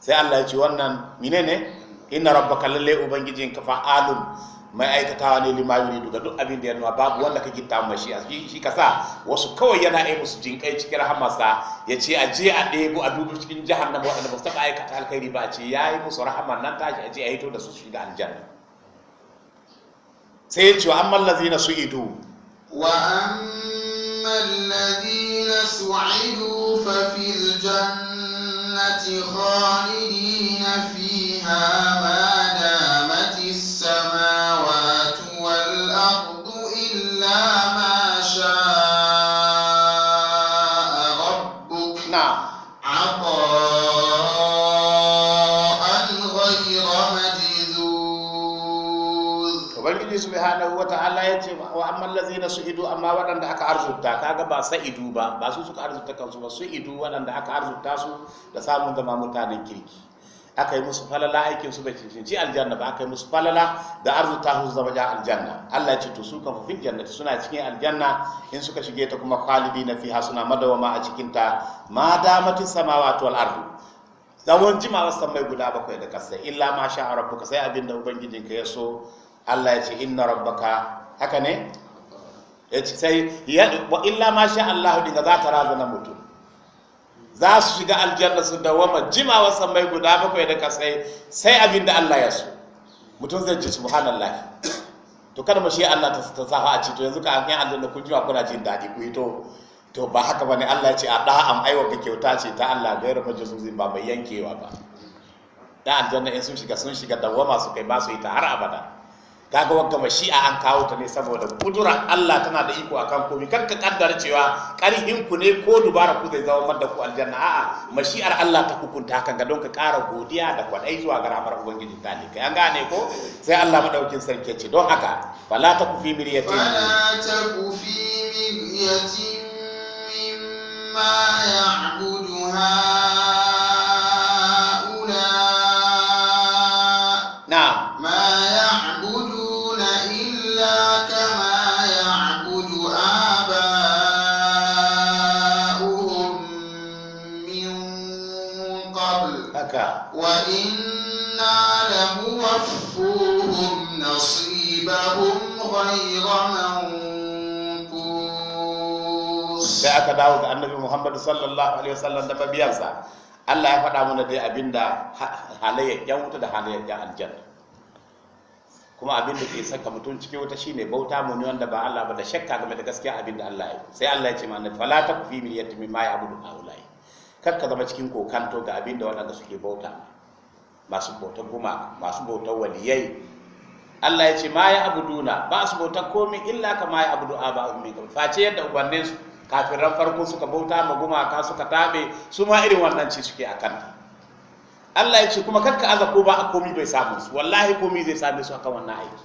sai Allah ya ce wannan menene inna rabbaka lalle ubangijinka fa'alun mai aikatawa ne limayu ne daga duk abin da ya nuna babu wanda ka gita mai shi shi kasa wasu kawai yana yi musu jinkai cikin rahamarsa ya ce a je a ɗebo a dubu cikin jihar na waɗanda ba su taɓa aikata alkhairi ba a ce ya yi musu rahamar nan tashi a je a hito da su shi da aljanna sai ya ce wa amman na su ido wa amman lazina su ido fa fil jannati khalidina fiha ma ubangiji subhanahu wa ta'ala ya ce wa amman lazina su'idu amma waɗanda aka arzuta kaga ba sa'idu ba ba su suka arzuta kansu ba su'idu waɗanda aka arzuta su da samun zama mutanen kirki aka yi musu falala aikin su bai cincinci aljanna ba aka yi musu falala da arzuta su zama ja aljanna Allah ya ce to su kan fi janna suna cikin aljanna in suka shige ta kuma khalidina fiha suna madawama a cikin ta ma damatis samawati wal ardu zawon jimawa san mai guda bakwai da kasa illa ma sha rabbuka sai abin da ubangijinka ya so Allah ya ce inna rabbaka haka ne ya ce sai wa illa ma sha Allah dinga za ta razana mutum za su shiga aljanna su dawama jimawa sammai guda bakwai da kasai sai abinda Allah ya so mutum zai ji subhanallah to kada mu shi Allah ta sa a ci to yanzu ka an yi aljanna kun jima kuna jin daɗi ku yi to to ba haka bane Allah ya ce a am aiwa ka kyauta ce ta Allah gairu majalisun ba mai yankewa ba da aljanna in sun shiga sun shiga dawama su kai ba su yi ta har abada kaga wagga mashi'a an kawo ta ne saboda kudurar Allah tana da iko akan komai kar ka kaddara cewa karihin ku ne ko dubara ku zai zama da ku aljanna a'a mashi'ar Allah ta hukunta kan ga don ka kara godiya da kwadai zuwa ga ramar ubangiji kai an gane ko sai Allah madaukin sarki ce don haka fala ta ku fi miryatin fala ta ku fi miryatin mimma ya'budu ha وإنا لموفوهم نصيبهم غير منقوص sai aka dawo ga annabi Muhammad sallallahu alaihi wasallam da mabiyansa Allah ya faɗa mana dai abinda halayyar yan wuta da halayyar yan aljanna kuma abin da ke saka mutum cikin wuta shi ne bauta mu ne wanda ba Allah ba da shakka game da gaskiya abin da Allah ya sai Allah ya ce ma na mana fala takfi min yatimi ma ya abu ya'budu haulai kar ka zama cikin kokanto ga abin da waɗanda suke bauta masu bautar guma masu bautar waliyai Allah ya ce ma ya abuduna ba su bauta komai illa ka ma ya abudu aba ummi face yadda ubannin su kafiran farko suka bauta ma gumaka suka tabe su ma irin wannan ci suke akan kanta. Allah ya ce kuma ka aza ko ba a komi bai samu su wallahi komi zai same su akan wannan aiki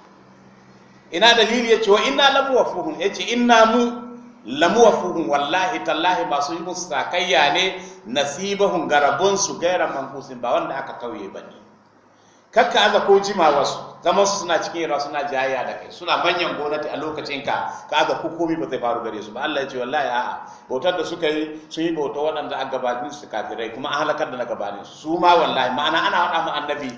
ina dalili ya ce wa inna lamu wafuhun ya ce inna mu lamu wa fuhun wallahi tallahi masu yi musu sakayya ne nasibahun garabunsu su gaira mankusin ba wanda aka kauye ba ne kakka aza ko jima wasu zaman su suna cikin yara suna jayayya da kai suna manyan gonati a lokacin ka ka aza ko komi ba zai faru gare su ba Allah ya ce wallahi a'a bautar da suka yi sun yi bauta waɗanda a gabanin su kafirai kuma an halakar da na gabanin su su ma wallahi ma'ana ana waɗa mu annabi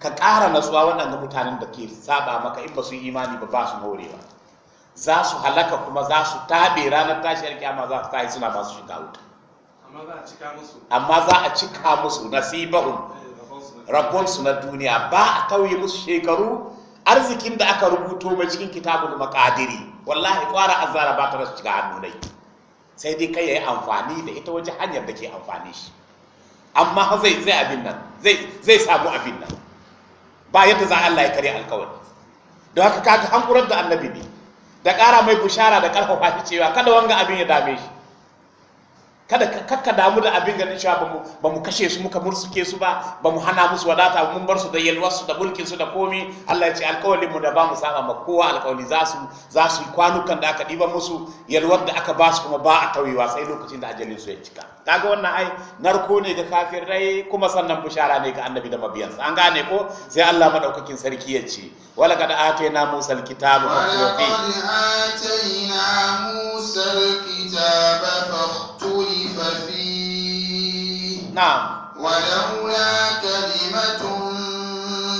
ka ƙara natsuwa waɗanda mutanen da ke saba maka in ba su yi imani ba ba su morewa za su halaka kuma za su taɓe ranar tashiyar kyama za su tashi suna masu shiga wuta amma za a cika musu nasibahun rabonsu na duniya ba a tauye musu shekaru arzikin da aka rubuto mai cikin kitabul makadiri wallahi kwara azara ba ta rasu shiga hannunai sai dai kai ya yi amfani da ita wajen hanyar da ke amfani shi amma zai zai abin nan zai samu abin nan ba yadda za Allah ya karya alkawari da haka kaga hankurar da annabi ne da ƙara mai bushara da ƙarfafa shi cewa kada wanga abin ya dame shi kada kakka damu da abin ganin cewa ba mu kashe su muka mursuke su ba ba mu hana musu wadata mun bar su da yalwar su da mulkin su da komi Allah ya ce alƙawarin mu da ba mu saba ma kowa alƙawari za su za su kwanukan da aka diba musu yalwar da aka ba su kuma ba a tauyewa sai lokacin da ajalin su ya cika kaga wannan ai narko ne ga rai kuma sannan bushara ne ga annabi da mabiyansa an gane ko sai Allah madaukakin sarki ya ce wala kad atayna musal alkitaba fa atayna musa alkitaba نعم ولولا كلمة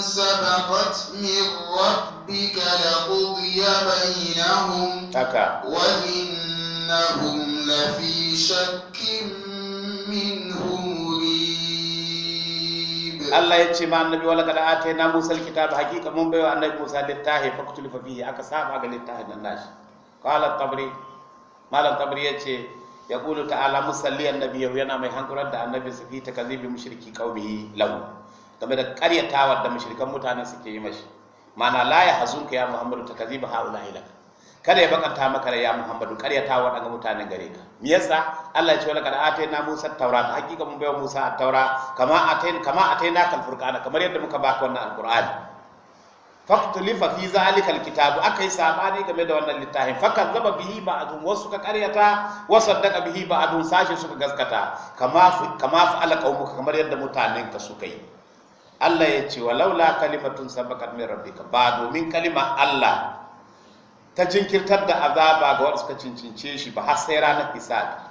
سبقت من ربك لقضي بينهم أكا. وإنهم لفي شك منه Allah ya ce ma annabi wala kada ate na Musa kitab hakika mun bayo annabi Musa littahi fa kutulifa fihi aka saba ga littahi nan nashi qala tabri malam tabri ya ce Ya yaqulu ta'ala annabi yau yana mai hankurar da annabi su fi takzibi mushriki qaumihi lau game da karyatawa da mushrikan mutanen suke yi mashi mana la ya hazunka ya muhammadu takzibi haula ilak kada ya bakanta maka da ya muhammadu karyatawa daga mutanen gare ka me yasa Allah ya ce laqad atayna musa taura taurata hakika mun bayar musa taura kama atayn kama atayna kal furqana kamar yadda muka baka wannan Alqur'ani. faqtulifa fi zalikal kitabu akai sabani game da wannan littafin fakan zaba bihi ba'dun wasu ka karyata wa saddaka bihi ba'dun sashi suka gaskata kama kama ala qaumuka kamar yadda mutanen ka suka yi Allah ya ce walaula kalimatun sabaqat min rabbika ba domin kalima Allah ta jinkirtar da azaba ga wanda suka cincince shi ba har sai ranar hisabi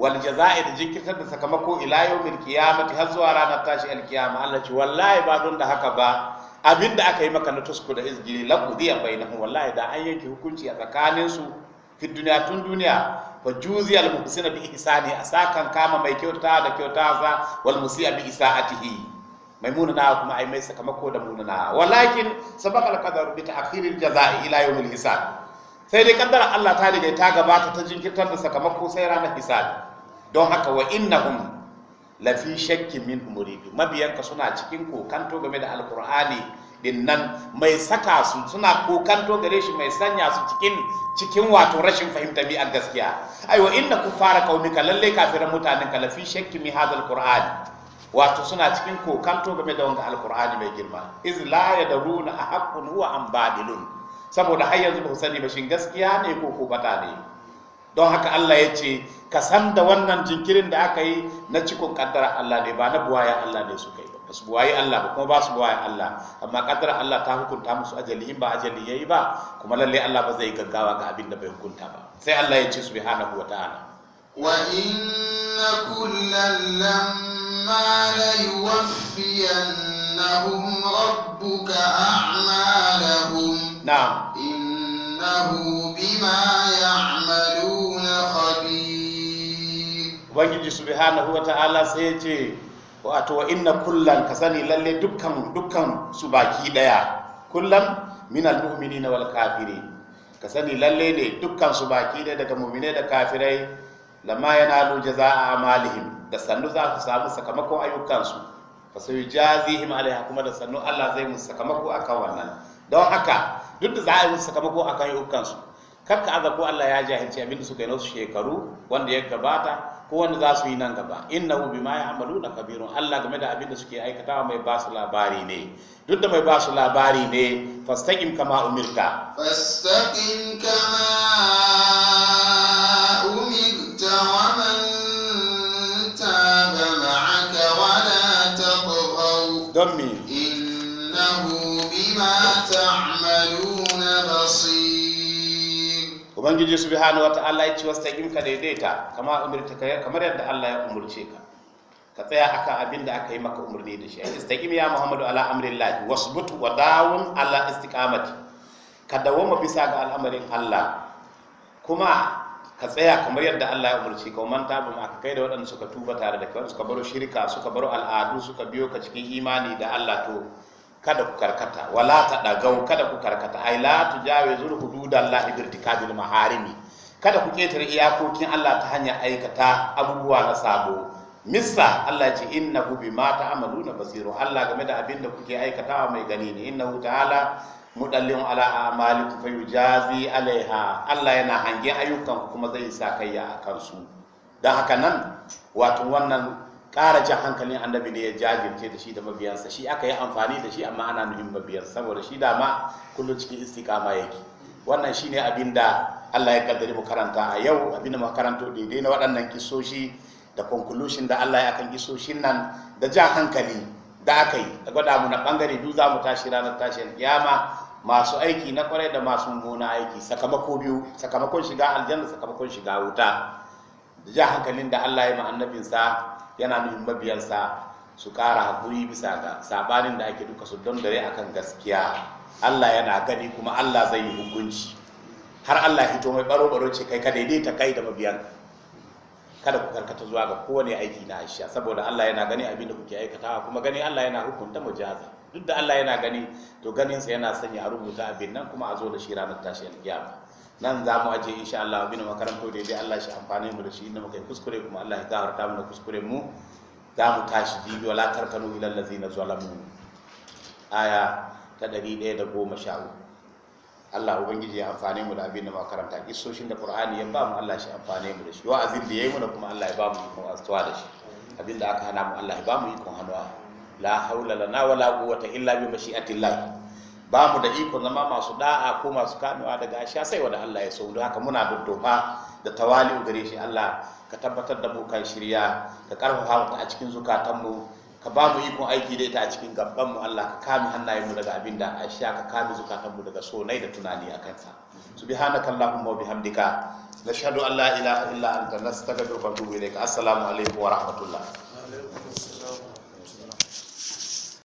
wal jaza'i da jinkirtar da sakamako ila yawmil qiyamati har zuwa ranar tashi alkiyama Allah ce wallahi ba don da haka ba abin da aka yi maka na tusku da izgiri la bai bainahum wallahi da an yanke hukunci a tsakanin su fi duniya tun duniya fa juzi al muhsina bi ihsani asakan kama mai kyauta da kyauta sa wal musi'a bi isaatihi mai munana kuma ai mai sakamako da munana walakin sabakar al qadar bi ta'khir al jazaa'i ila yawm al hisab sai dai kaddara Allah ta daidai ta gabata ta jinkirtar da sakamako sai ranar isa. don haka wa innahum lafi shakkin min muridu mabiyanka suna cikin kokanto game da alkur'ani din nan mai saka su suna kokanto gare shi mai sanya su cikin cikin wato rashin fahimta bi a gaskiya aiwa inna kufara ka lalle kafiran mutanen ka lafi shakkin min hadal qur'ani wato suna cikin kokanto game da wanga alkur'ani mai girma iz la yadruna ahaqqun huwa am badilun saboda har yanzu ba sani ba shin gaskiya ne ko ko bata ne don haka Allah ya ce ka san da wannan jinkirin da aka yi na cikon kaddara Allah ne ba na buwaya Allah ne suka yi ba su buwayi Allah ba kuma ba su buwaya Allah amma kaddara Allah ta hukunta musu ajali in ba ajali yayi ba kuma lalle Allah ba zai gaggawa ga abin da bai hukunta ba sai Allah ya ce su bihana wa inna kullal lamma la ubangiji bima ya'maluna khabir ubangiji subhanahu sai ce wato wa inna kullan ka sani lalle dukkan dukkan su baki daya kullan min almu'minina wal kafirin ka sani lalle ne dukkan su baki daya daga mu'mine da kafirai lama yanalu jazaa'a amalihim da sannu za su samu sakamakon ayyukansu fa sai jazihim alaiha kuma da sannu Allah zai mu sakamako akan wannan don haka duk da za a yi sakamako a kan yukansu ka aza ko Allah ya jahilci abin da suka yi nasu shekaru wanda ya gabata ko wanda za su yi nan gaba Inna hu bima na kabirun Allah game da abin da suke aikatawa mai ba su labari ne duk da mai ba su labari ne fastaqim kama umirta fastaqim kama ubangiji subhanahu wata'ala ya ce wastaqim ka daidaita kama umirta ka kamar yadda Allah ya umurce ka ka tsaya aka abin da aka yi maka umarni da shi a istaqim ya muhammadu ala wasu butu wa dawun allah istiqamati ka dawoma bisa ga al'amarin Allah kuma ka tsaya kamar yadda Allah ya umarci ka man tabu ma ka kai da waɗanda suka tuba tare da kai suka baro shirka suka baro al'adu suka biyo ka cikin imani da Allah to kada ku karkata wala ta dagau kada ku karkata ai la zuru hududan bi irtikabil maharimi kada ku ketare iyakokin Allah ta hanyar aikata abubuwa na sabo missa Allah ce innahu bima ta'maluna basiru Allah game da abin da kuke aikatawa mai gani ne innahu ta'ala mudallin ala amalikum fayujazi alaiha Allah yana hange ayyukan kuma zai sa kai akan su dan haka nan wato wannan ƙara jan hankalin annabi ne ya jajirce da shi da mabiyansa shi aka yi amfani da shi amma ana nuhin mabiyansa saboda shi dama kullum cikin istiqama yake wannan shi ne abin da Allah ya kaddari mu karanta a yau abin da makaranto daidai na waɗannan kisoshi da conclusion da Allah ya kan kisoshin nan da jan hankali da aka yi da gwada mu na bangare duk za mu tashi ranar tashin kiyama masu aiki na kwarai da masu mummuna aiki sakamako biyu sakamakon shiga aljanna sakamakon shiga wuta da ja hankalin da Allah ya ma annabinsa yana nufin mabiyansa su ƙara haƙuri bisa ga sabanin da ake duka su don dare akan gaskiya Allah yana gani kuma Allah zai yi hukunci har Allah hito mai baro baro ce kai ka daidaita kai da mabiyan kada ku karkata zuwa ga kowane aiki na Aisha saboda Allah yana gani abin da kuke aikatawa kuma gani Allah yana hukunta mujaza duk da Allah yana gani to ganinsa yana sanya a rubuta abin nan kuma a zo da shi ranar tashi alkiyama nan za mu ajiye insha Allah abin da makaranto da dai Allah shi amfani mu da shi inda muka yi kuskure kuma Allah ya gafarta mana kuskure mu za mu tashi bibi wala tarkanu ila allazina zalamu aya ta 113 Allah ubangiji ya amfane mu da abin da makaranta kissoshin da Qur'ani ya ba mu Allah shi amfane mu da shi wa'azin da yayi mu kuma Allah ya ba mu ikon astuwa da shi Abinda aka hana mu Allah ya ba mu ikon hannuwa la haula lana wala quwwata illa bi mashi'atillah ba mu da iko zama masu da'a ko masu kamewa daga asha sai wanda Allah ya so don haka muna doddofa da tawali'u gare shi Allah ka tabbatar da bukan shirya ka karfafa mu a cikin zukatanmu ka ba mu ikon aiki da ita a cikin gaban mu Allah ka kame mu daga abin da asha ka kame zukatanmu daga so nai da tunani a kansa subhanaka allahumma wa bihamdika nashhadu an la ilaha illa anta nastaghfiruka wa natubu ilaik assalamu alaikum wa rahmatullah